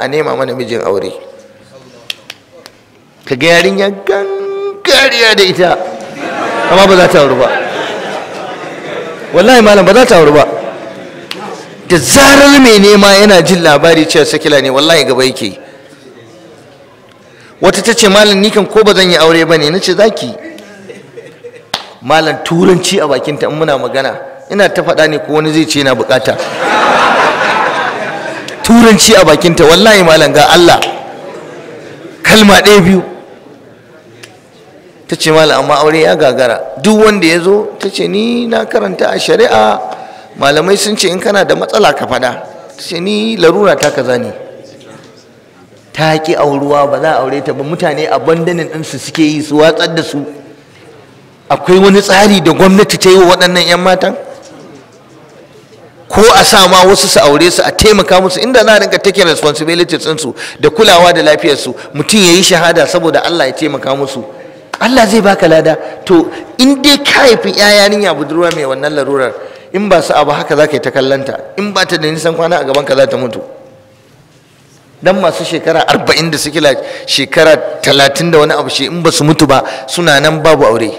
a nema mana mijin aure ka ga yarinya gangariya da ita amma ba za ta wuri ba wallahi malam ba za ta wuri ba da zarar mai nema yana jin labari cewa sakila ne wallahi gaba yake wata ta ce malam nikan ko ba zan yi aure ba ne na ce za ki malam turanci a bakinta in muna magana ina ta faɗa ne ko wani zai ce yana bukata turanci a bakinta wallahi malam ga Allah kalma ɗaya biyu ta ce malam amma aure ya gagara duk wanda ya zo ta ce ni na karanta a shari'a malamai sun ce in kana da matsala ka faɗa ta ce ni larura ta kaza ne ta ƙi auruwa ba za a aure ta ba mutane abandonin ɗinsu suke yi su watsar da su akwai wani tsari da gwamnati ta yi wa waɗannan 'yan matan ko a sa ma wasu su aure su a taimaka musu inda za a rinka take responsibility su da kulawa da lafiyarsu mutum ya yi shahada saboda Allah ya taimaka musu Allah zai baka lada to in dai ka haifi yaya ninya budurwa mai wannan larurar in ba su abu haka za yi ta kallanta in ba ta da nisan kwana a gaban ka za ta mutu dan masu shekara arba'in da suke shekara talatin da wani abu shi in ba su mutu ba suna nan babu aure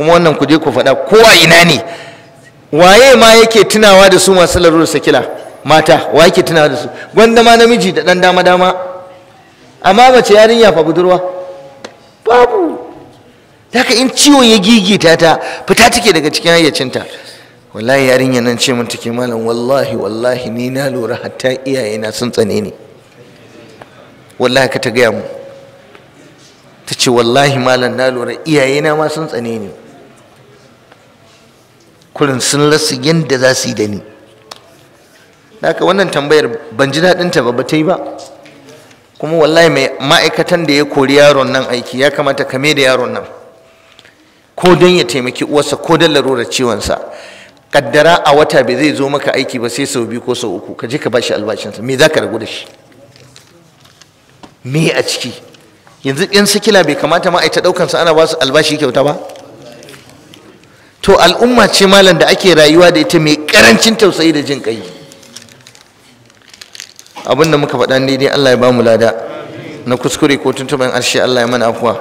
kuma wannan ku je ku faɗa ko a ina ne waye ma yake tunawa da su masu larurar sakila mata wa yake tunawa da su gwanda ma namiji da ɗan dama dama amma mace yarinya fa budurwa babu haka in ciwon ya gigita ta fita take daga cikin hayyacinta wallahi yarinya nan ce mun take malam wallahi wallahi ni na lura hatta iyayena sun tsane ni wallahi ka ta gaya mu ta ce wallahi malam na lura iyayena ma sun tsane ni kurin sun rasa yadda za su yi da ni haka wannan tambayar ban ji daɗinta ba ba ta yi ba kuma wallahi mai ma'aikatan da ya kori yaron nan aiki ya kamata kame da yaron nan ko don ya taimaki uwarsa ko don larurar ciwonsa kaddara a wata bai zai zo maka aiki ba sai sau biyu ko sau uku ka je ka bashi albashinsa me za ka ragu da shi me a ciki yanzu yan sikila bai kamata ma'aikata ɗaukansa ana ba su albashi kyauta ba to al'umma ce malam da ake rayuwa da ita mai karancin tausayi da jin kai abin da muka faɗa ne dai Allah ya bamu lada na kuskure ko tuntuɓen arshe Allah ya mana afuwa